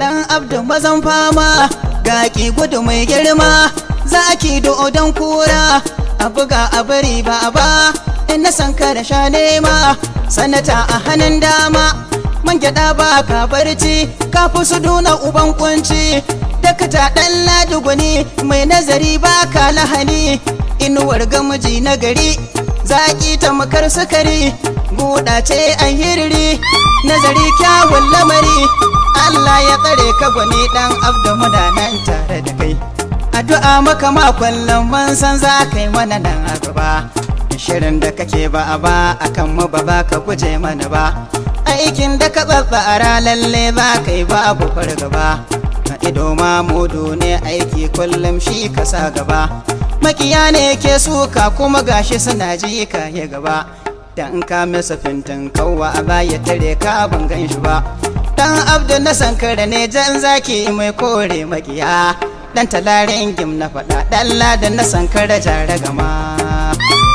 dan abdu mazan fama ga gudu mai girma za ki do'o don kura a buga a bari ba ba in na san da sha nema sanata a hannun dama man gyaɗa ba ka barci ka fi su duna uban kunci dakata dan laduguni mai nazari ba ka lahani inuwar gamji na gari zaki makar sukari guda ce an hiriri nazari kyawun lamari Allah ya tsare ka gwani dan abda muna nan tare da kai addu'a maka ma kullum man san za kai mana nan a gaba shirin da kake ba a ba akan mu ba ba ka guje mana ba aikin da ka tsatsara lalle ba kai babu fargaba na ido ma mudu ne aiki kullum shi ka sa gaba makiya ne ke suka kuma gashi suna ji ka ya gaba dan ka masa fintin kawwa a baya tare ka ban gan shi ba dan abdu na sankara ne jan zaki mai kore magiya, dan talarin gim na faɗa dan lada na sankara jaragama gama